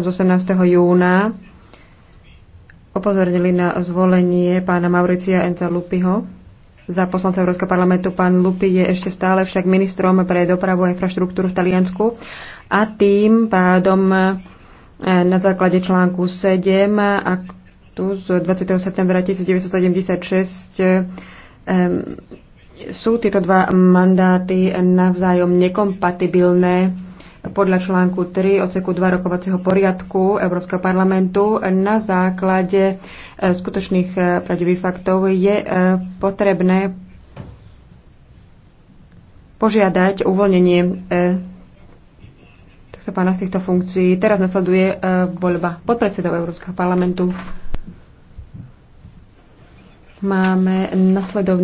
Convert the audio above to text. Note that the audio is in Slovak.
listom z 18. júna upozornili na zvolenie pána Mauricia Enca Lupiho za poslanca Európskeho parlamentu. Pán Lupi je ešte stále však ministrom pre dopravu a infraštruktúru v Taliansku a tým pádom e, na základe článku 7 tu z 20. septembra 1976 e, sú tieto dva mandáty navzájom nekompatibilné podľa článku 3 odseku 2 rokovacieho poriadku Európskeho parlamentu na základe e, skutočných e, pravdivých faktov je e, potrebné požiadať uvoľnenie tohto pána z týchto funkcií. Teraz nasleduje voľba podpredsedov Európskeho parlamentu. Máme nasledovný